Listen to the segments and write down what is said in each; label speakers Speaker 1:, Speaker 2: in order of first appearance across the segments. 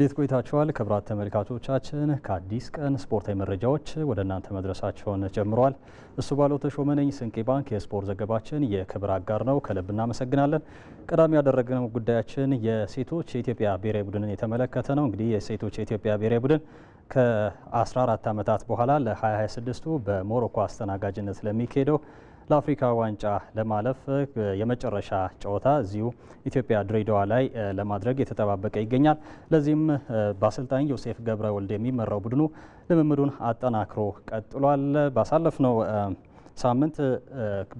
Speaker 1: እንዴት ቆይታችኋል? ክብራት ተመልካቾቻችን ከአዲስ ቀን ስፖርታዊ መረጃዎች ወደ እናንተ መድረሳቸውን ጀምረዋል። እሱ ባለው ተሾመ ነኝ። ስንቄ ባንክ የስፖርት ዘገባችን የክብር አጋር ነው። ከልብ እናመሰግናለን። ቀዳሚ ያደረግነው ጉዳያችን የሴቶች የኢትዮጵያ ብሔራዊ ቡድንን የተመለከተ ነው። እንግዲህ የሴቶች የኢትዮጵያ ብሔራዊ ቡድን ከ14 ዓመታት በኋላ ለ2026ቱ በሞሮኮ አስተናጋጅነት ለሚካሄደው ለአፍሪካ ዋንጫ ለማለፍ የመጨረሻ ጨዋታ እዚሁ ኢትዮጵያ ድሬዳዋ ላይ ለማድረግ የተጠባበቀ ይገኛል። ለዚህም በአሰልጣኝ ዮሴፍ ገብረ ወልድ የሚመራው ቡድኑ ልምምዱን አጠናክሮ ቀጥሏል። ባሳለፍ ነው ሳምንት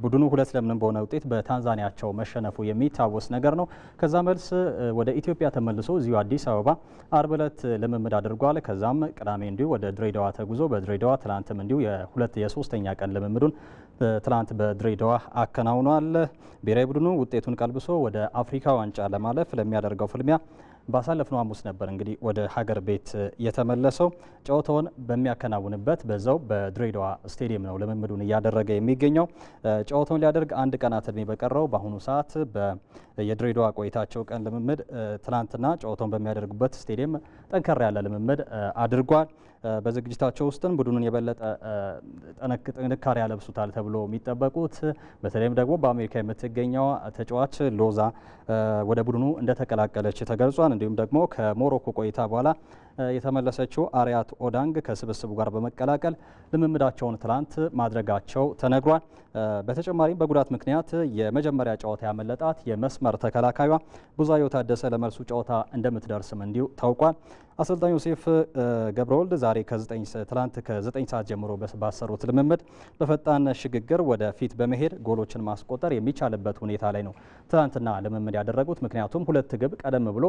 Speaker 1: ቡድኑ ሁለት ለምንም በሆነ ውጤት በታንዛኒያቸው መሸነፉ የሚታወስ ነገር ነው። ከዛ መልስ ወደ ኢትዮጵያ ተመልሶ እዚሁ አዲስ አበባ አርብ ዕለት ልምምድ አድርጓል። ከዛም ቅዳሜ እንዲሁ ወደ ድሬዳዋ ተጉዞ በድሬዳዋ ትላንትም እንዲሁ የሁለት የሶስተኛ ቀን ልምምዱን ትላንት በድሬዳዋ አከናውኗል። ብሔራዊ ቡድኑ ውጤቱን ቀልብሶ ወደ አፍሪካ ዋንጫ ለማለፍ ለሚያደርገው ፍልሚያ ባሳለፍነው ሐሙስ ነበር እንግዲህ ወደ ሀገር ቤት የተመለሰው። ጨዋታውን በሚያከናውንበት በዛው በድሬዳዋ ስቴዲየም ነው ልምምዱን እያደረገ የሚገኘው። ጨዋታውን ሊያደርግ አንድ ቀናት እድሜ በቀረው በአሁኑ ሰዓት የድሬዳዋ ቆይታቸው ቀን ልምምድ ትናንትና ጨዋታውን በሚያደርጉበት ስቴዲየም ጠንከር ያለ ልምምድ አድርጓል። በዝግጅታቸው ውስጥም ቡድኑን የበለጠ ጥንካሬ ያለብሱታል ተብሎ የሚጠበቁት በተለይም ደግሞ በአሜሪካ የምትገኘው ተጫዋች ሎዛ ወደ ቡድኑ እንደተቀላቀለች ተገልጿል። እንዲሁም ደግሞ ከሞሮኮ ቆይታ በኋላ የተመለሰችው አሪያት ኦዳንግ ከስብስቡ ጋር በመቀላቀል ልምምዳቸውን ትላንት ማድረጋቸው ተነግሯል። በተጨማሪም በጉዳት ምክንያት የመጀመሪያ ጨዋታ ያመለጣት የመስመር ተከላካዩ ቡዛዮ ታደሰ ለመልሱ ጨዋታ እንደምትደርስም እንዲሁ ታውቋል። አሰልጣኝ ዮሴፍ ገብረወልድ ዛሬ ትላንት ከ9 ሰዓት ጀምሮ ባሰሩት ልምምድ በፈጣን ሽግግር ወደፊት በመሄድ ጎሎችን ማስቆጠር የሚቻልበት ሁኔታ ላይ ነው ትላንትና ልምምድ ያደረጉት። ምክንያቱም ሁለት ግብ ቀደም ብሎ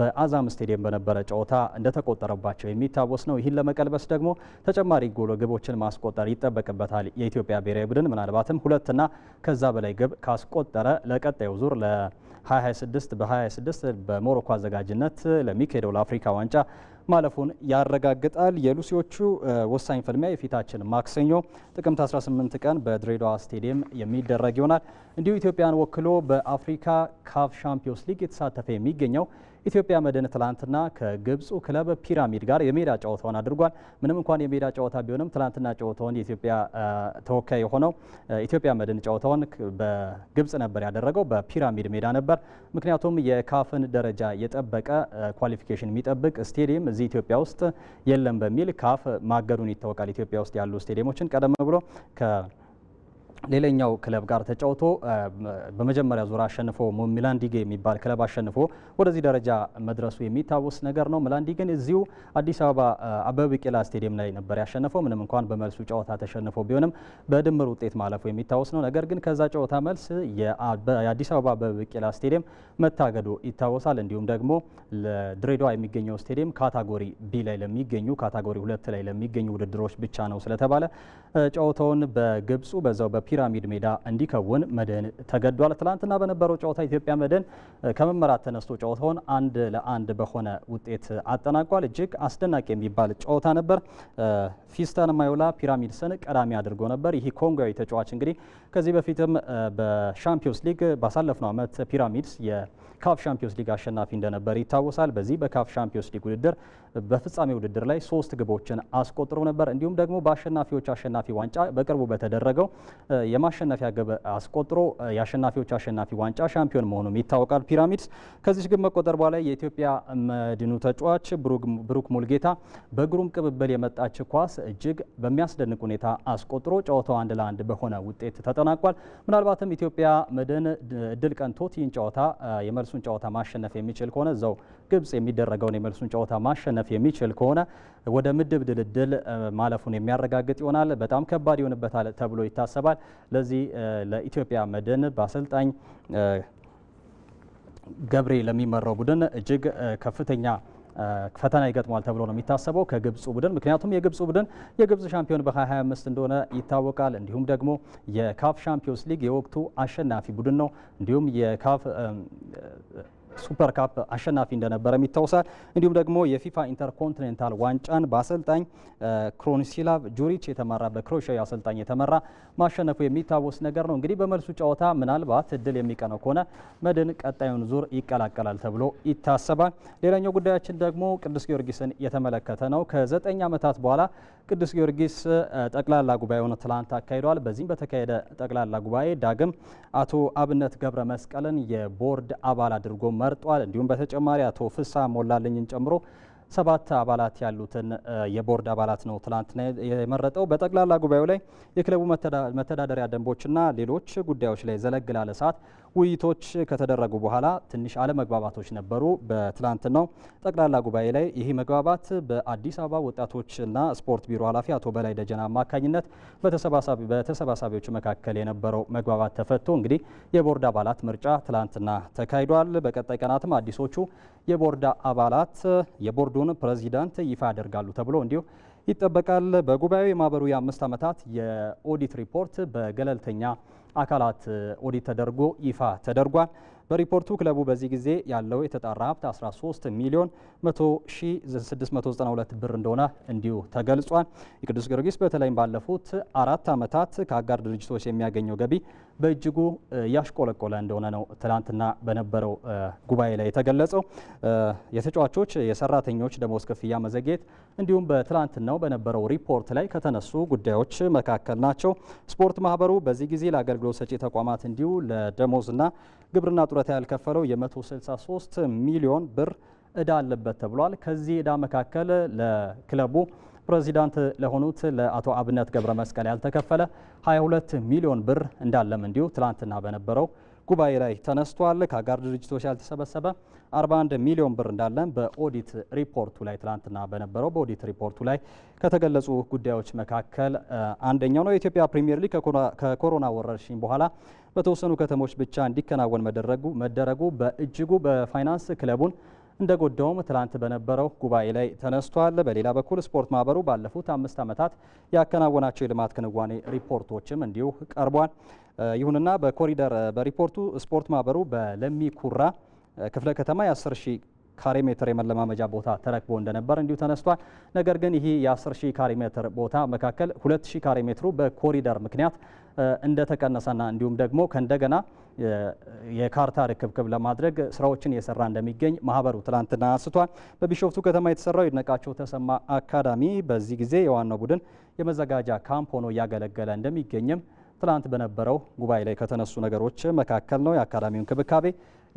Speaker 1: በአዛም ስቴዲየም በነበረ ጨዋታ እንደተቆ እንዳስቆጠረባቸው የሚታወስ ነው። ይህን ለመቀልበስ ደግሞ ተጨማሪ ጎሎ ግቦችን ማስቆጠር ይጠበቅበታል። የኢትዮጵያ ብሔራዊ ቡድን ምናልባትም ሁለትና ከዛ በላይ ግብ ካስቆጠረ ለቀጣዩ ዙር ለ2026 በ2026 በሞሮኮ አዘጋጅነት ለሚካሄደው ለአፍሪካ ዋንጫ ማለፉን ያረጋግጣል። የሉሲዎቹ ወሳኝ ፍልሚያ የፊታችን ማክሰኞ ጥቅምት 18 ቀን በድሬዳዋ ስቴዲየም የሚደረግ ይሆናል። እንዲሁ ኢትዮጵያን ወክሎ በአፍሪካ ካፍ ሻምፒዮንስ ሊግ የተሳተፈ የሚገኘው ኢትዮጵያ መድን ትላንትና ከግብፁ ክለብ ፒራሚድ ጋር የሜዳ ጨዋታውን አድርጓል። ምንም እንኳን የሜዳ ጨዋታ ቢሆንም ትላንትና ጨዋታውን የኢትዮጵያ ተወካይ የሆነው ኢትዮጵያ መድን ጨዋታውን በግብፅ ነበር ያደረገው፣ በፒራሚድ ሜዳ ነበር። ምክንያቱም የካፍን ደረጃ የጠበቀ ኳሊፊኬሽን የሚጠብቅ ስቴዲየም እዚህ ኢትዮጵያ ውስጥ የለም በሚል ካፍ ማገዱን ይታወቃል። ኢትዮጵያ ውስጥ ያሉ ስቴዲየሞችን ቀደም ብሎ ሌላኛው ክለብ ጋር ተጫውቶ በመጀመሪያ ዙር አሸንፎ ሚላንዲጌ የሚባል ክለብ አሸንፎ ወደዚህ ደረጃ መድረሱ የሚታወስ ነገር ነው። ሚላንዲጌን እዚሁ አዲስ አበባ አበበ ቢቂላ ስቴዲየም ላይ ነበር ያሸነፈው። ምንም እንኳን በመልሱ ጨዋታ ተሸንፎ ቢሆንም በድምር ውጤት ማለፉ የሚታወስ ነው። ነገር ግን ከዛ ጨዋታ መልስ የአዲስ አበባ አበበ ቢቂላ ስቴዲየም መታገዱ ይታወሳል። እንዲሁም ደግሞ ለድሬዳዋ የሚገኘው ስቴዲየም ካታጎሪ ቢ ላይ ለሚገኙ ካታጎሪ ሁለት ላይ ለሚገኙ ውድድሮች ብቻ ነው ስለተባለ ጨዋታውን በግብፁ በዛው ፒራሚድ ሜዳ እንዲከውን መድን ተገዷል። ትላንትና በነበረው ጨዋታ ኢትዮጵያ መድን ከመመራት ተነስቶ ጨዋታውን አንድ ለአንድ በሆነ ውጤት አጠናቋል። እጅግ አስደናቂ የሚባል ጨዋታ ነበር። ፊስተን ማዮላ ፒራሚድስን ቀዳሚ አድርጎ ነበር። ይህ ኮንጓዊ ተጫዋች እንግዲህ ከዚህ በፊትም በሻምፒዮንስ ሊግ ባሳለፍነው ዓመት ፒራሚድስ ካፍ ሻምፒዮንስ ሊግ አሸናፊ እንደነበር ይታወሳል። በዚህ በካፍ ሻምፒዮንስ ሊግ ውድድር በፍጻሜ ውድድር ላይ ሶስት ግቦችን አስቆጥሮ ነበር። እንዲሁም ደግሞ በአሸናፊዎች አሸናፊ ዋንጫ በቅርቡ በተደረገው የማሸነፊያ ግብ አስቆጥሮ የአሸናፊዎች አሸናፊ ዋንጫ ሻምፒዮን መሆኑም ይታወቃል። ፒራሚድስ ከዚህ ግብ መቆጠር በኋላ የኢትዮጵያ መድኑ ተጫዋች ብሩክ ሙልጌታ በግሩም ቅብብል የመጣች ኳስ እጅግ በሚያስደንቅ ሁኔታ አስቆጥሮ ጨዋታው አንድ ለአንድ በሆነ ውጤት ተጠናቋል። ምናልባትም ኢትዮጵያ መድን እድል ቀንቶት ይህን ጨዋታ የመልሱ የመልሱን ጨዋታ ማሸነፍ የሚችል ከሆነ እዛው ግብጽ የሚደረገውን የመልሱን ጨዋታ ማሸነፍ የሚችል ከሆነ ወደ ምድብ ድልድል ማለፉን የሚያረጋግጥ ይሆናል። በጣም ከባድ ይሆንበታል ተብሎ ይታሰባል። ለዚህ ለኢትዮጵያ መድን በአሰልጣኝ ገብሬ ለሚመራው ቡድን እጅግ ከፍተኛ ፈተና ይገጥሟል ተብሎ ነው የሚታሰበው ከግብፁ ቡድን። ምክንያቱም የግብፁ ቡድን የግብፅ ሻምፒዮን በ2025 እንደሆነ ይታወቃል። እንዲሁም ደግሞ የካፍ ሻምፒዮንስ ሊግ የወቅቱ አሸናፊ ቡድን ነው። እንዲሁም የካፍ ሱፐር ካፕ አሸናፊ እንደነበረም ይታወሳል። እንዲሁም ደግሞ የፊፋ ኢንተርኮንቲኔንታል ዋንጫን በአሰልጣኝ ክሮንሲላቭ ጁሪች የተመራ በክሮኤሽያዊ አሰልጣኝ የተመራ ማሸነፉ የሚታወስ ነገር ነው። እንግዲህ በመልሱ ጨዋታ ምናልባት እድል የሚቀነው ከሆነ መድን ቀጣዩን ዙር ይቀላቀላል ተብሎ ይታሰባል። ሌላኛው ጉዳያችን ደግሞ ቅዱስ ጊዮርጊስን የተመለከተ ነው። ከዘጠኝ ዓመታት በኋላ ቅዱስ ጊዮርጊስ ጠቅላላ ሆነ ትላንት አካሂደዋል። በዚህም በተካሄደ ጠቅላላ ጉባኤ ዳግም አቶ አብነት ገብረ መስቀልን የቦርድ አባል አድርጎ መርጧል። እንዲሁም በተጨማሪ አቶ ፍሳ ሞላልኝን ጨምሮ ሰባት አባላት ያሉትን የቦርድ አባላት ነው ትላንትና የመረጠው። በጠቅላላ ጉባኤው ላይ የክለቡ መተዳደሪያ ደንቦችና ሌሎች ጉዳዮች ላይ ዘለግ ላለ ሰዓት ውይይቶች ከተደረጉ በኋላ ትንሽ አለመግባባቶች ነበሩ። በትላንትናው ጠቅላላ ጉባኤ ላይ ይህ መግባባት በአዲስ አበባ ወጣቶችና ስፖርት ቢሮ ኃላፊ አቶ በላይ ደጀና አማካኝነት በተሰባሳቢዎች መካከል የነበረው መግባባት ተፈቶ እንግዲህ የቦርድ አባላት ምርጫ ትላንትና ተካሂዷል። በቀጣይ ቀናትም አዲሶቹ የቦርድ አባላት የቦርዱን ፕሬዚዳንት ይፋ ያደርጋሉ ተብሎ እንዲሁ ይጠበቃል። በጉባኤው የማህበሩ የአምስት ዓመታት የኦዲት ሪፖርት በገለልተኛ አካላት ኦዲት ተደርጎ ይፋ ተደርጓል። በሪፖርቱ ክለቡ በዚህ ጊዜ ያለው የተጣራ ሀብት 13 ሚሊዮን 1692 ብር እንደሆነ እንዲሁ ተገልጿል። የቅዱስ ጊዮርጊስ በተለይም ባለፉት አራት ዓመታት ከአጋር ድርጅቶች የሚያገኘው ገቢ በእጅጉ ያሽቆለቆለ እንደሆነ ነው ትናንትና በነበረው ጉባኤ ላይ የተገለጸው። የተጫዋቾች የሰራተኞች ደሞዝ ክፍያ መዘግየት እንዲሁም በትናንትናው በነበረው ሪፖርት ላይ ከተነሱ ጉዳዮች መካከል ናቸው። ስፖርት ማህበሩ በዚህ ጊዜ ለአገልግሎት ሰጪ ተቋማት እንዲሁ ለደሞዝና ግብርና ጡረታ ያልከፈለው የ163 ሚሊዮን ብር እዳ አለበት ተብሏል። ከዚህ እዳ መካከል ለክለቡ ፕሬዚዳንት ለሆኑት ለአቶ አብነት ገብረ መስቀል ያልተከፈለ 22 ሚሊዮን ብር እንዳለም እንዲሁ ትላንትና በነበረው ጉባኤ ላይ ተነስቷል። ከአጋር ድርጅቶች ያልተሰበሰበ 41 ሚሊዮን ብር እንዳለን በኦዲት ሪፖርቱ ላይ ትላንትና በነበረው በኦዲት ሪፖርቱ ላይ ከተገለጹ ጉዳዮች መካከል አንደኛው ነው። የኢትዮጵያ ፕሪሚየር ሊግ ከኮሮና ወረርሽኝ በኋላ በተወሰኑ ከተሞች ብቻ እንዲከናወን መደረጉ በእጅጉ በፋይናንስ ክለቡን እንደጎዳውም ትላንት በነበረው ጉባኤ ላይ ተነስቷል። በሌላ በኩል ስፖርት ማህበሩ ባለፉት አምስት ዓመታት ያከናወናቸው የልማት ክንዋኔ ሪፖርቶችም እንዲሁ ቀርቧል። ይሁንና በኮሪደር በሪፖርቱ ስፖርት ማህበሩ በለሚ ኩራ ክፍለ ከተማ የ10 ካሬ ሜትር የመለማመጃ ቦታ ተረክቦ እንደነበር እንዲሁ ተነስቷል። ነገር ግን ይህ የ10 ሺህ ካሬ ሜትር ቦታ መካከል 2 ሺህ ካሬ ሜትሩ በኮሪደር ምክንያት እንደተቀነሰና እንዲሁም ደግሞ ከእንደገና የካርታ ርክብክብ ለማድረግ ስራዎችን እየሰራ እንደሚገኝ ማህበሩ ትላንትና አንስቷል። በቢሾፍቱ ከተማ የተሰራው ይድነቃቸው ተሰማ አካዳሚ በዚህ ጊዜ የዋናው ቡድን የመዘጋጃ ካምፕ ሆኖ እያገለገለ እንደሚገኝም ትላንት በነበረው ጉባኤ ላይ ከተነሱ ነገሮች መካከል ነው። የአካዳሚው እንክብካቤ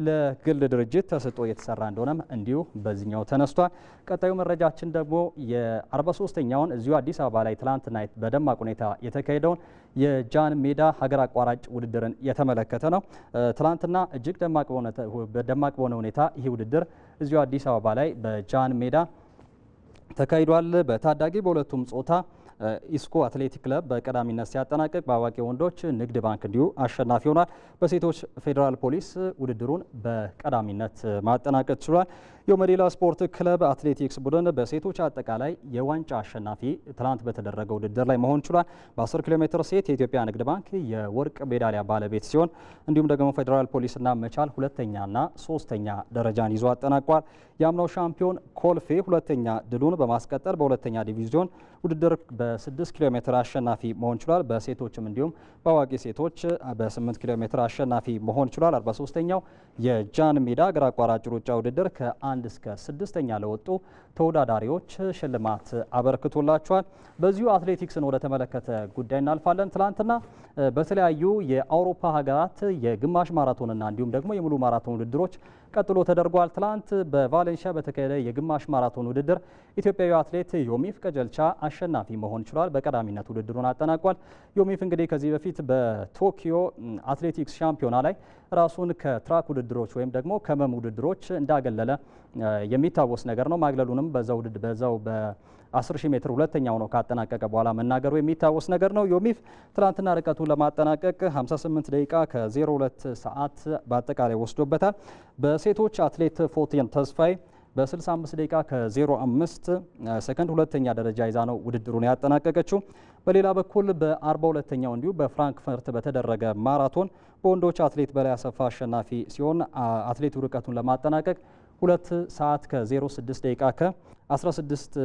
Speaker 1: ለግል ድርጅት ተሰጥቶ እየተሰራ እንደሆነም እንዲሁ በዚህኛው ተነስቷል። ቀጣዩ መረጃችን ደግሞ የ43ኛውን እዚሁ አዲስ አበባ ላይ ትላንትና በደማቅ ሁኔታ የተካሄደውን የጃን ሜዳ ሀገር አቋራጭ ውድድርን የተመለከተ ነው። ትላንትና እጅግ ደማቅ በሆነ ሁኔታ ይህ ውድድር እዚሁ አዲስ አበባ ላይ በጃን ሜዳ ተካሂዷል። በታዳጊ በሁለቱም ጾታ ኢስኮ አትሌቲክ ክለብ በቀዳሚነት ሲያጠናቅቅ በአዋቂ ወንዶች ንግድ ባንክ እንዲሁ አሸናፊ ሆኗል። በሴቶች ፌዴራል ፖሊስ ውድድሩን በቀዳሚነት ማጠናቀቅ ችሏል። የመዲላ ስፖርት ክለብ አትሌቲክስ ቡድን በሴቶች አጠቃላይ የዋንጫ አሸናፊ ትናንት በተደረገ ውድድር ላይ መሆን ችሏል። በ10 ኪሎ ሜትር ሴት የኢትዮጵያ ንግድ ባንክ የወርቅ ሜዳሊያ ባለቤት ሲሆን እንዲሁም ደግሞ ፌዴራል ፖሊስና መቻል ሁለተኛና ሶስተኛ ደረጃን ይዞ አጠናቋል። የአምናው ሻምፒዮን ኮልፌ ሁለተኛ ድሉን በማስቀጠል በሁለተኛ ዲቪዚዮን ውድድር በ6 ኪሎ ሜትር አሸናፊ መሆን ችሏል። በሴቶችም እንዲሁም በአዋቂ ሴቶች በ8 ኪሎ ሜትር አሸናፊ መሆን ችሏል። 43ኛው የጃን ሜዳ አገር አቋራጭ ሩጫ ውድድር ከ1 እስከ 6ኛ ለወጡ ተወዳዳሪዎች ሽልማት አበርክቶላቸዋል። በዚሁ አትሌቲክስን ወደ ተመለከተ ጉዳይ እናልፋለን። ትላንትና በተለያዩ የአውሮፓ ሀገራት የግማሽ ማራቶንና እንዲሁም ደግሞ የሙሉ ማራቶን ውድድሮች ቀጥሎ ተደርጓል። ትላንት በቫሌንሺያ በተካሄደ የግማሽ ማራቶን ውድድር ኢትዮጵያዊ አትሌት ዮሚፍ ቀጀልቻ አሸናፊ መሆን ችሏል። በቀዳሚነት ውድድሩን አጠናቋል። ዮሚፍ እንግዲህ ከዚህ በፊት በቶኪዮ አትሌቲክስ ሻምፒዮና ላይ ራሱን ከትራክ ውድድሮች ወይም ደግሞ ከመም ውድድሮች እንዳገለለ የሚታወስ ነገር ነው። ማግለሉንም በዛው በዛው 10 ሜትር ሁለተኛ ሆኖ ካጠናቀቀ በኋላ መናገሩ የሚታወስ ነገር ነው። ዮሚፍ ትላንትና ርቀቱን ለማጠናቀቅ 58 ደቂቃ ከ02 ሰዓት በአጠቃላይ ወስዶበታል። በሴቶች አትሌት ፎቴን ተስፋይ በ65 ደቂቃ ከ05 ሰከንድ ሁለተኛ ደረጃ ይዛ ነው ውድድሩን ያጠናቀቀችው። በሌላ በኩል በ42ኛው እንዲሁ በፍራንክፈርት በተደረገ ማራቶን በወንዶች አትሌት በላይ አሰፋ አሸናፊ ሲሆን አትሌቱ ርቀቱን ለማጠናቀቅ ሁለት ሰዓት ከ06 ደቂቃ ከ16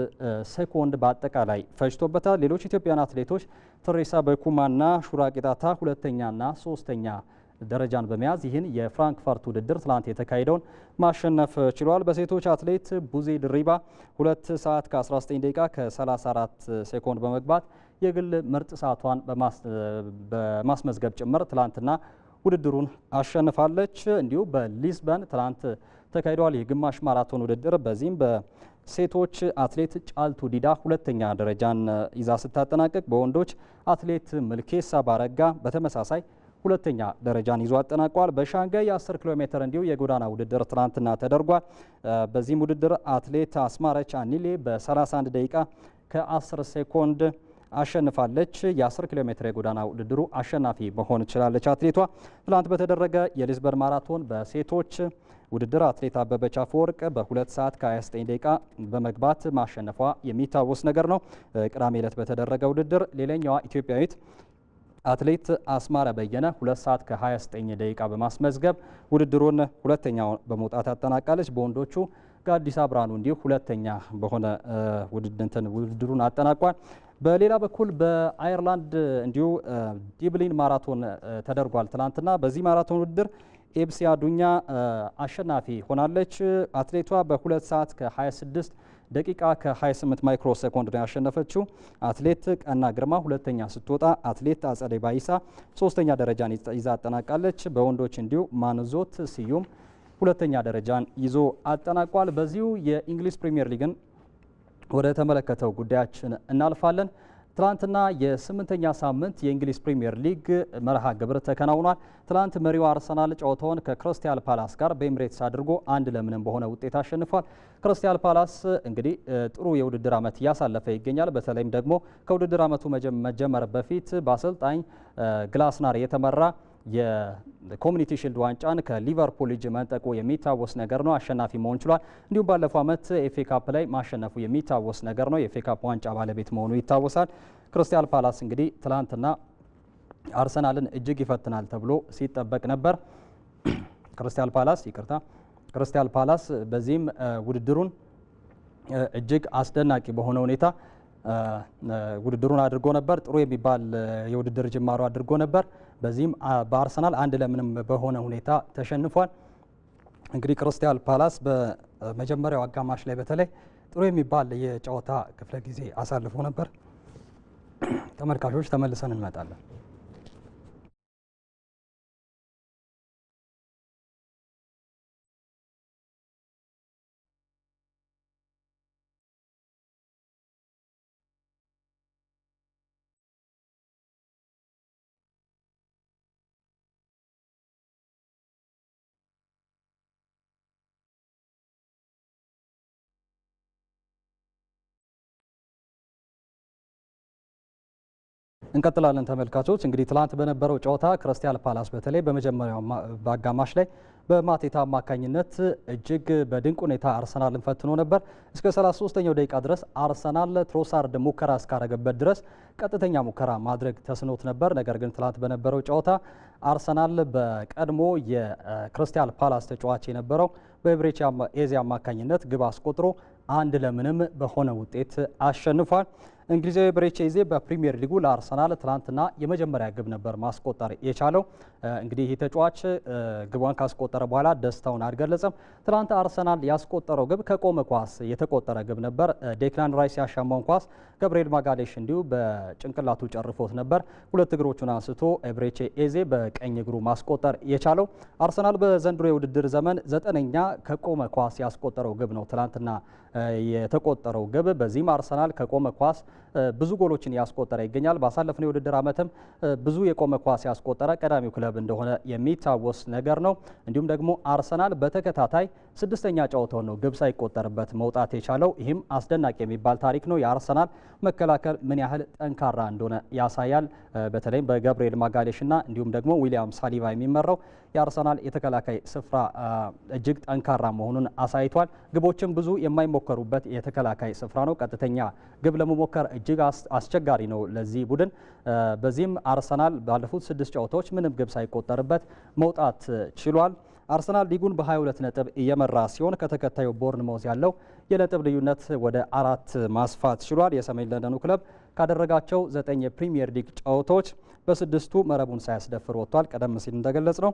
Speaker 1: ሴኮንድ በአጠቃላይ ፈጅቶበታል። ሌሎች ኢትዮጵያን አትሌቶች ትሬሳ በኩማና ሹራ ቂጣታ ሁለተኛና ሶስተኛ ደረጃን በመያዝ ይህን የፍራንክፈርት ውድድር ትላንት የተካሄደውን ማሸነፍ ችሏል። በሴቶች አትሌት ቡዜ ድሪባ ሁለት ሰዓት ከ19 ደቂቃ ከ34 ሴኮንድ በመግባት የግል ምርጥ ሰዓቷን በማስመዝገብ ጭምር ትላንትና ውድድሩን አሸንፋለች። እንዲሁ በሊስበን ትላንት ተካሂደዋል። የግማሽ ማራቶን ውድድር በዚህም በሴቶች አትሌት ጫልቱ ዲዳ ሁለተኛ ደረጃን ይዛ ስታጠናቀቅ፣ በወንዶች አትሌት ምልኬሳ ባረጋ በተመሳሳይ ሁለተኛ ደረጃን ይዞ አጠናቋል። በሻንጋይ የ10 ኪሎ ሜትር እንዲሁ የጎዳና ውድድር ትናንትና ተደርጓል። በዚህም ውድድር አትሌት አስማረች አኒሌ በ31 ደቂቃ ከ10 ሴኮንድ አሸንፋለች። የ10 ኪሎ ሜትር የጎዳና ውድድሩ አሸናፊ መሆን ችላለች። አትሌቷ ትላንት በተደረገ የሊዝበን ማራቶን በሴቶች ውድድር አትሌት አበበች አፈወርቅ በ2 ሰዓት ከ29 ደቂቃ በመግባት ማሸነፏ የሚታወስ ነገር ነው። ቅዳሜ ዕለት በተደረገ ውድድር ሌላኛዋ ኢትዮጵያዊት አትሌት አስማረ በየነ 2 ሰዓት ከ29 ደቂቃ በማስመዝገብ ውድድሩን ሁለተኛ በመውጣት አጠናቃለች። በወንዶቹ ጋዲስ ብርሃኑ እንዲሁ ሁለተኛ በሆነ ውድድንትን ውድድሩን አጠናቋል። በሌላ በኩል በአየርላንድ እንዲሁ ዲብሊን ማራቶን ተደርጓል ትናንትና። በዚህ ማራቶን ውድድር ኤብሲ አዱኛ አሸናፊ ሆናለች። አትሌቷ በ2 ሰዓት ከ26 ደቂቃ ከ28 ማይክሮ ሴኮንድ ነው ያሸነፈችው። አትሌት ቀና ግርማ ሁለተኛ ስትወጣ፣ አትሌት አጸደይ ባይሳ ሶስተኛ ደረጃን ይዛ አጠናቃለች። በወንዶች እንዲሁ ማንዞት ስዩም ሁለተኛ ደረጃን ይዞ አጠናቋል። በዚሁ የእንግሊዝ ፕሪምየር ሊግን ወደ ተመለከተው ጉዳያችን እናልፋለን። ትላንትና የስምንተኛ ሳምንት የእንግሊዝ ፕሪምየር ሊግ መርሃ ግብር ተከናውኗል። ትላንት መሪው አርሰናል ጨዋታውን ከክሪስታል ፓላስ ጋር በኤምሬትስ አድርጎ አንድ ለምንም በሆነ ውጤት አሸንፏል። ክርስቲያል ፓላስ እንግዲህ ጥሩ የውድድር ዓመት እያሳለፈ ይገኛል። በተለይም ደግሞ ከውድድር ዓመቱ መጀመር በፊት በአሰልጣኝ ግላስናር የተመራ የኮሚኒቲ ሽልድ ዋንጫን ከሊቨርፑል እጅ መንጠቁ የሚታወስ ነገር ነው። አሸናፊ መሆን ችሏል። እንዲሁም ባለፈው ዓመት ኤፌ ካፕ ላይ ማሸነፉ የሚታወስ ነገር ነው። የኤፌ ካፕ ዋንጫ ባለቤት መሆኑ ይታወሳል። ክሪስታል ፓላስ እንግዲህ ትላንትና አርሰናልን እጅግ ይፈትናል ተብሎ ሲጠበቅ ነበር። ክሪስታል ፓላስ ይቅርታ፣ ክሪስታል ፓላስ በዚህም ውድድሩን እጅግ አስደናቂ በሆነ ሁኔታ ውድድሩን አድርጎ ነበር። ጥሩ የሚባል የውድድር ጅማሮ አድርጎ ነበር። በዚህም በአርሰናል አንድ ለምንም በሆነ ሁኔታ ተሸንፏል። እንግዲህ ክሪስታል ፓላስ በመጀመሪያው አጋማሽ ላይ በተለይ ጥሩ የሚባል የጨዋታ ክፍለ ጊዜ አሳልፎ ነበር። ተመልካቾች ተመልሰን እንመጣለን። እንቀጥላለን ተመልካቾች። እንግዲህ ትላንት በነበረው ጨዋታ ክሪስታል ፓላስ በተለይ በመጀመሪያው በአጋማሽ ላይ በማቴታ አማካኝነት እጅግ በድንቅ ሁኔታ አርሰናልን ፈትኖ ነበር። እስከ 33ኛው ደቂቃ ድረስ አርሰናል ትሮሳርድ ሙከራ እስካረገበት ድረስ ቀጥተኛ ሙከራ ማድረግ ተስኖት ነበር። ነገር ግን ትላንት በነበረው ጨዋታ አርሰናል በቀድሞ የክርስቲያል ፓላስ ተጫዋች የነበረው በኤብሬቺ ኤዜ አማካኝነት ግብ አስቆጥሮ አንድ ለምንም በሆነ ውጤት አሸንፏል። እንግሊዛዊ ብሬቼ ይዜ በፕሪሚየር ሊጉ ለአርሰናል ትላንትና የመጀመሪያ ግብ ነበር ማስቆጠር የቻለው። እንግዲህ ይህ ተጫዋች ግቧን ካስቆጠረ በኋላ ደስታውን አልገለጸም። ትናንት አርሰናል ያስቆጠረው ግብ ከቆመ ኳስ የተቆጠረ ግብ ነበር። ዴክላን ራይስ ያሻማውን ኳስ ገብርኤል ማጋሌሽ እንዲሁ በጭንቅላቱ ጨርፎት ነበር። ሁለት እግሮቹን አንስቶ ኤብሬቼ ኤዜ በቀኝ እግሩ ማስቆጠር የቻለው። አርሰናል በዘንድሮ የውድድር ዘመን ዘጠነኛ ከቆመ ኳስ ያስቆጠረው ግብ ነው ትላንትና የተቆጠረው ግብ። በዚህም አርሰናል ከቆመ ኳስ ብዙ ጎሎችን ያስቆጠረ ይገኛል። ባሳለፍነው የውድድር ዓመትም ብዙ የቆመ ኳስ ያስቆጠረ ቀዳሚው ክለብ እንደሆነ የሚታወስ ነገር ነው። እንዲሁም ደግሞ አርሰናል በተከታታይ ስድስተኛ ጨዋታውን ነው ግብ ሳይቆጠርበት መውጣት የቻለው። ይህም አስደናቂ የሚባል ታሪክ ነው። የአርሰናል መከላከል ምን ያህል ጠንካራ እንደሆነ ያሳያል። በተለይም በገብርኤል ማጋሌሽና እንዲሁም ደግሞ ዊሊያም ሳሊባ የሚመራው የአርሰናል የተከላካይ ስፍራ እጅግ ጠንካራ መሆኑን አሳይቷል። ግቦችም ብዙ የማይሞከሩበት የተከላካይ ስፍራ ነው። ቀጥተኛ ግብ ለመሞከር እጅግ አስቸጋሪ ነው ለዚህ ቡድን። በዚህም አርሰናል ባለፉት ስድስት ጨዋታዎች ምንም ግብ ሳይቆጠርበት መውጣት ችሏል። አርሰናል ሊጉን በ22 ነጥብ እየመራ ሲሆን ከተከታዩ ቦርንሞዝ ያለው የነጥብ ልዩነት ወደ አራት ማስፋት ችሏል። የሰሜን ለንደኑ ክለብ ካደረጋቸው ዘጠኝ የፕሪሚየር ሊግ ጨዋታዎች በስድስቱ መረቡን ሳያስደፍር ወጥቷል። ቀደም ሲል እንደገለጽ ነው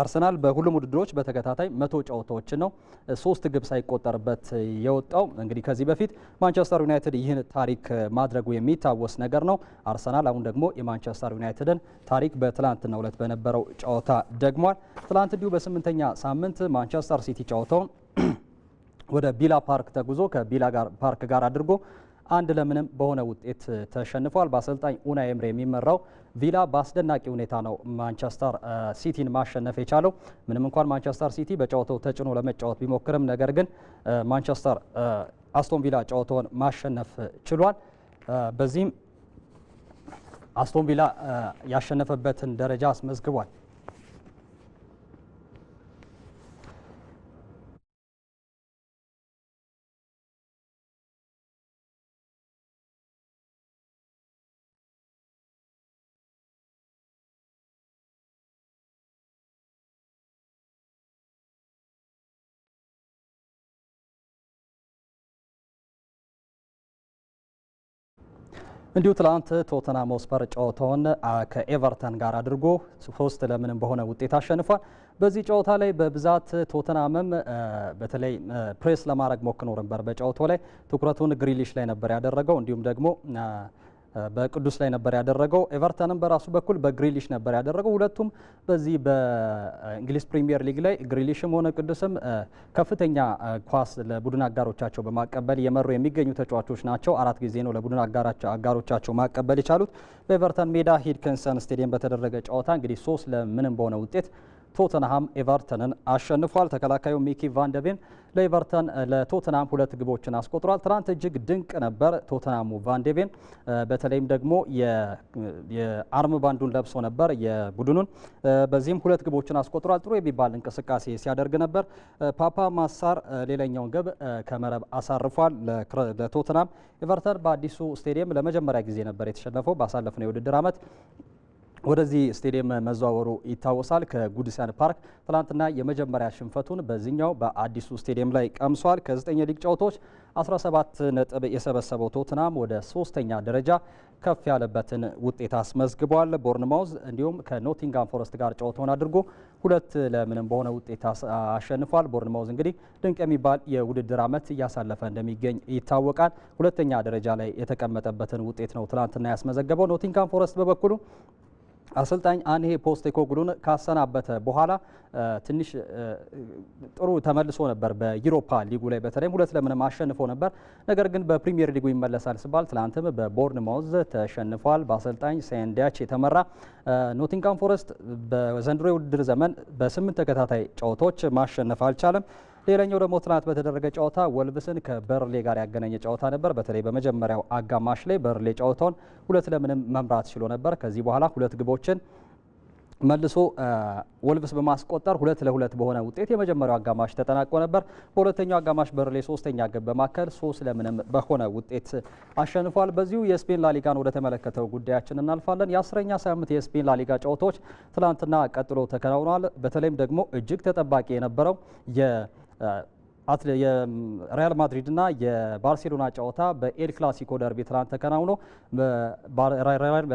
Speaker 1: አርሰናል በሁሉም ውድድሮች በተከታታይ መቶ ጨዋታዎችን ነው ሶስት ግብ ሳይቆጠርበት የወጣው። እንግዲህ ከዚህ በፊት ማንቸስተር ዩናይትድ ይህን ታሪክ ማድረጉ የሚታወስ ነገር ነው። አርሰናል አሁን ደግሞ የማንቸስተር ዩናይትድን ታሪክ በትላንትናው ዕለት በነበረው ጨዋታ ደግሟል። ትላንት እንዲሁ በስምንተኛ ሳምንት ማንቸስተር ሲቲ ጨዋታውን ወደ ቢላ ፓርክ ተጉዞ ከቢላ ፓርክ ጋር አድርጎ አንድ ለምንም በሆነ ውጤት ተሸንፏል። በአሰልጣኝ ኡናይ ኤምሬ የሚመራው ቪላ በአስደናቂ ሁኔታ ነው ማንቸስተር ሲቲን ማሸነፍ የቻለው። ምንም እንኳን ማንቸስተር ሲቲ በጨዋታው ተጭኖ ለመጫወት ቢሞክርም፣ ነገር ግን ማንቸስተር አስቶን ቪላ ጨዋታውን ማሸነፍ ችሏል። በዚህም አስቶን ቪላ ያሸነፈበትን ደረጃ አስመዝግቧል። እንዲሁ ትላንት ቶተናም ሆትስፐር ጨዋታውን ከኤቨርተን ጋር አድርጎ ሶስት ለምንም በሆነ ውጤት አሸንፏል። በዚህ ጨዋታ ላይ በብዛት ቶተናምም በተለይ ፕሬስ ለማድረግ ሞክሮ ነበር። በጨዋታው ላይ ትኩረቱን ግሪሊሽ ላይ ነበር ያደረገው እንዲሁም ደግሞ በቅዱስ ላይ ነበር ያደረገው። ኤቨርተንም በራሱ በኩል በግሪሊሽ ነበር ያደረገው። ሁለቱም በዚህ በእንግሊዝ ፕሪሚየር ሊግ ላይ ግሪሊሽም ሆነ ቅዱስም ከፍተኛ ኳስ ለቡድን አጋሮቻቸው በማቀበል የመሩ የሚገኙ ተጫዋቾች ናቸው። አራት ጊዜ ነው ለቡድን አጋሮቻቸው ማቀበል የቻሉት። በኤቨርተን ሜዳ ሂድክንሰን ስቴዲየም በተደረገ ጨዋታ እንግዲህ ሶስት ለምንም በሆነ ውጤት ቶተንሃም ኤቨርተንን አሸንፏል። ተከላካዩ ሚኪ ቫንደቬን ለኤቨርተን ለቶተንሃም ሁለት ግቦችን አስቆጥሯል። ትናንት እጅግ ድንቅ ነበር ቶተንሃሙ ቫንዴቬን በተለይም ደግሞ የአርም ባንዱን ለብሶ ነበር የቡድኑን በዚህም ሁለት ግቦችን አስቆጥሯል። ጥሩ የሚባል እንቅስቃሴ ሲያደርግ ነበር። ፓፓ ማሳር ሌላኛውን ግብ ከመረብ አሳርፏል ለቶተንሃም። ኤቨርተን በአዲሱ ስቴዲየም ለመጀመሪያ ጊዜ ነበር የተሸነፈው ባሳለፍነው የውድድር ዓመት ወደዚህ ስቴዲየም መዘዋወሩ ይታወሳል። ከጉዲሰን ፓርክ ትናንትና የመጀመሪያ ሽንፈቱን በዚኛው በአዲሱ ስቴዲየም ላይ ቀምሷል። ከ9 ሊግ ጨዋታዎች 17 ነጥብ የሰበሰበው ቶትናም ወደ ሶስተኛ ደረጃ ከፍ ያለበትን ውጤት አስመዝግቧል። ቦርንማውዝ እንዲሁም ከኖቲንጋም ፎረስት ጋር ጨዋታውን አድርጎ ሁለት ለምንም በሆነ ውጤት አሸንፏል። ቦርንማውዝ እንግዲህ ድንቅ የሚባል የውድድር ዓመት እያሳለፈ እንደሚገኝ ይታወቃል። ሁለተኛ ደረጃ ላይ የተቀመጠበትን ውጤት ነው ትላንትና ያስመዘገበው። ኖቲንጋም ፎረስት በበኩሉ አሰልጣኝ አንሄ ፖስቴኮግሉን ካሰናበተ በኋላ ትንሽ ጥሩ ተመልሶ ነበር። በዩሮፓ ሊጉ ላይ በተለይም ሁለት ለምንም አሸንፎ ነበር። ነገር ግን በፕሪሚየር ሊጉ ይመለሳል ሲባል ትናንትም በቦርንማውዝ ተሸንፏል። በአሰልጣኝ ሴንዲያች የተመራ ኖቲንጋም ፎረስት በዘንድሮ የውድድር ዘመን በስምንት ተከታታይ ጨዋታዎች ማሸነፍ አልቻለም። ሌላኛው ደግሞ ትናንት በተደረገ ጨዋታ ወልብስን ከበርሌ ጋር ያገናኘ ጨዋታ ነበር። በተለይ በመጀመሪያው አጋማሽ ላይ በርሌ ጨዋታውን ሁለት ለምንም መምራት ችሎ ነበር። ከዚህ በኋላ ሁለት ግቦችን መልሶ ወልቭስ በማስቆጠር ሁለት ለሁለት በሆነ ውጤት የመጀመሪያው አጋማሽ ተጠናቆ ነበር። በሁለተኛው አጋማሽ በርሌ ሶስተኛ ግብ በማከል ሶስት ለምንም በሆነ ውጤት አሸንፏል። በዚሁ የስፔን ላሊጋን ወደ ተመለከተው ጉዳያችን እናልፋለን። የአስረኛ ሳምንት የስፔን ላሊጋ ጨዋታዎች ትላንትና ቀጥሎ ተከናውኗል። በተለይም ደግሞ እጅግ ተጠባቂ የነበረው የሪያል ማድሪድ እና የባርሴሎና ጨዋታ በኤል ክላሲኮ ደርቢ ትናንት ተከናውኖ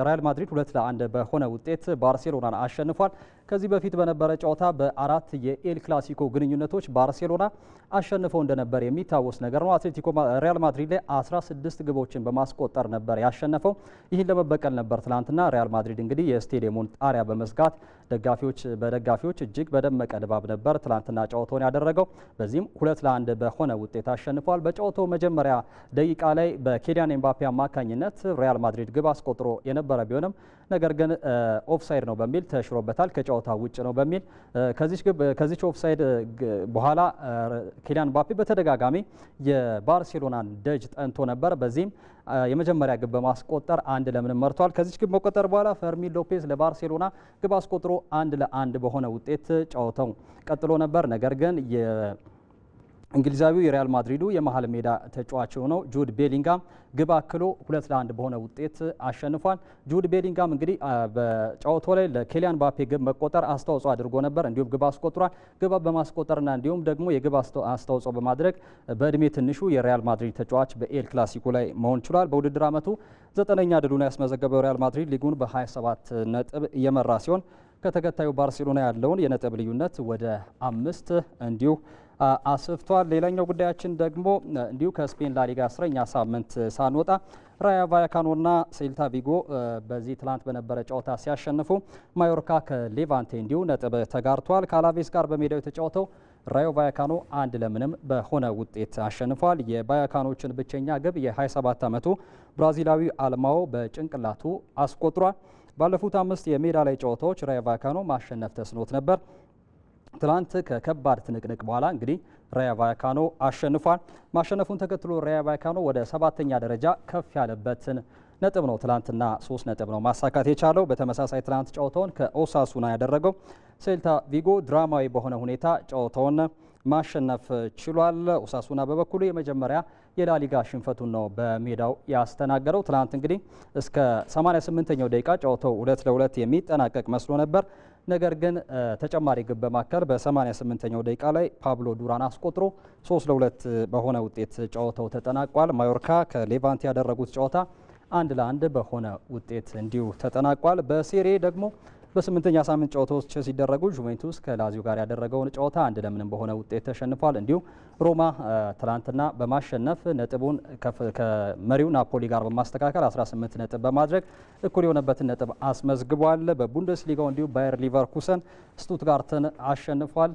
Speaker 1: ሪያል ማድሪድ ሁለት ለአንድ በሆነ ውጤት ባርሴሎናን አሸንፏል። ከዚህ በፊት በነበረ ጨዋታ በአራት የኤል ክላሲኮ ግንኙነቶች ባርሴሎና አሸንፎ እንደነበር የሚታወስ ነገር ነው። አትሌቲኮ ሪያል ማድሪድ ላይ 16 ግቦችን በማስቆጠር ነበር ያሸነፈው። ይህን ለመበቀል ነበር ትናንትና ሪያል ማድሪድ እንግዲህ የስቴዲየሙን ጣሪያ በመዝጋት ደጋፊዎች በደጋፊዎች እጅግ በደመቀ ድባብ ነበር ትናንትና ጨዋታውን ያደረገው። በዚህም ሁለት ለአንድ በሆነ ውጤት አሸንፏል። በጨዋታው መጀመሪያ ደቂቃ ላይ በኬሊያን ኤምባፔ አማካኝነት ሪያል ማድሪድ ግብ አስቆጥሮ የነበረ ቢሆንም ነገር ግን ኦፍሳይድ ነው በሚል ተሽሮበታል። ጨዋታ ውጭ ነው በሚል ከዚች ኦፍሳይድ በኋላ ኪሊያን ምባፔ በተደጋጋሚ የባርሴሎናን ደጅ ጠንቶ ነበር። በዚህም የመጀመሪያ ግብ በማስቆጠር አንድ ለምንም መርቷል። ከዚች ግብ መቆጠር በኋላ ፈርሚን ሎፔዝ ለባርሴሎና ግብ አስቆጥሮ አንድ ለአንድ በሆነ ውጤት ጨዋታው ቀጥሎ ነበር ነገር ግን እንግሊዛዊው የሪያል ማድሪዱ የመሀል ሜዳ ተጫዋች የሆነው ጁድ ቤሊንጋም ግብ አክሎ ሁለት ለአንድ በሆነ ውጤት አሸንፏል። ጁድ ቤሊንጋም እንግዲህ በጨዋታው ላይ ለኬሊያን ባፔ ግብ መቆጠር አስተዋጽኦ አድርጎ ነበር። እንዲሁም ግብ አስቆጥሯል። ግብ በማስቆጠርና እንዲሁም ደግሞ የግብ አስተዋጽኦ በማድረግ በእድሜ ትንሹ የሪያል ማድሪድ ተጫዋች በኤል ክላሲኮ ላይ መሆን ችሏል። በውድድር ዓመቱ ዘጠነኛ ድሉን ያስመዘገበው ሪያል ማድሪድ ሊጉን በ27 ነጥብ እየመራ ሲሆን ከተከታዩ ባርሴሎና ያለውን የነጥብ ልዩነት ወደ አምስት እንዲሁ አስፍቷል። ሌላኛው ጉዳያችን ደግሞ እንዲሁ ከስፔን ላሊጋ አስረኛ ሳምንት ሳንወጣ ራያ ቫያካኖና ሴልታ ቪጎ በዚህ ትላንት በነበረ ጨዋታ ሲያሸንፉ ማዮርካ ከሌቫንቴ እንዲሁ ነጥብ ተጋርቷል። ከአላቬስ ጋር በሜዳው የተጫወተው ራዮ ቫያካኖ አንድ ለምንም በሆነ ውጤት አሸንፏል። የቫያካኖችን ብቸኛ ግብ የ27 ዓመቱ ብራዚላዊ አልማዎ በጭንቅላቱ አስቆጥሯል። ባለፉት አምስት የሜዳ ላይ ጨዋታዎች ራዮ ቫያካኖ ማሸነፍ ተስኖት ነበር። ትላንት ከከባድ ትንቅንቅ በኋላ እንግዲህ ራያ ቫያካኖ አሸንፏል። ማሸነፉን ተከትሎ ራያ ቫያካኖ ወደ ሰባተኛ ደረጃ ከፍ ያለበትን ነጥብ ነው ትላንትና ሶስት ነጥብ ነው ማሳካት የቻለው። በተመሳሳይ ትላንት ጨዋታውን ከኦሳሱና ያደረገው ሴልታ ቪጎ ድራማዊ በሆነ ሁኔታ ጨዋታውን ማሸነፍ ችሏል። ኦሳሱና በበኩሉ የመጀመሪያ የላሊጋ ሽንፈቱን ነው በሜዳው ያስተናገደው። ትላንት እንግዲህ እስከ 88ኛው ደቂቃ ጨዋታው ሁለት ለሁለት የሚጠናቀቅ መስሎ ነበር። ነገር ግን ተጨማሪ ግብ በማከል በ88ኛው ደቂቃ ላይ ፓብሎ ዱራን አስቆጥሮ 3 ለ2 በሆነ ውጤት ጨዋታው ተጠናቋል። ማዮርካ ከሌቫንት ያደረጉት ጨዋታ አንድ ለአንድ በሆነ ውጤት እንዲሁ ተጠናቋል። በሴሬ ደግሞ በስምንተኛ ሳምንት ጨዋታዎች ሲደረጉ ጁቬንቱስ ከላዚዮ ጋር ያደረገውን ጨዋታ አንድ ለምንም በሆነ ውጤት ተሸንፏል። እንዲሁም ሮማ ትላንትና በማሸነፍ ነጥቡን ከመሪው ናፖሊ ጋር በማስተካከል 18 ነጥብ በማድረግ እኩል የሆነበትን ነጥብ አስመዝግቧል። በቡንደስሊጋው እንዲሁም ባየር ሊቨርኩሰን ስቱትጋርትን አሸንፏል።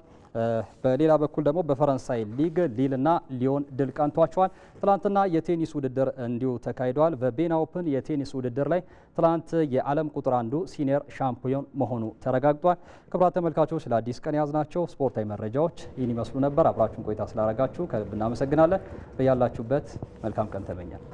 Speaker 1: በሌላ በኩል ደግሞ በፈረንሳይ ሊግ ሊልና ሊዮን ድል ቀንቷቸዋል። ትላንትና የቴኒስ ውድድር እንዲሁ ተካሂደዋል። በቤና ኦፕን የቴኒስ ውድድር ላይ ትላንት የዓለም ቁጥር አንዱ ሲኒየር ሻምፒዮን መሆኑ ተረጋግጧል። ክቡራት ተመልካቾች ለአዲስ ቀን የያዝናቸው ስፖርታዊ መረጃዎች ይህን ይመስሉ ነበር። አብራችሁን ቆይታ ስላረጋችሁ ከልብ እናመሰግናለን። በያላችሁበት መልካም ቀን ተመኛል።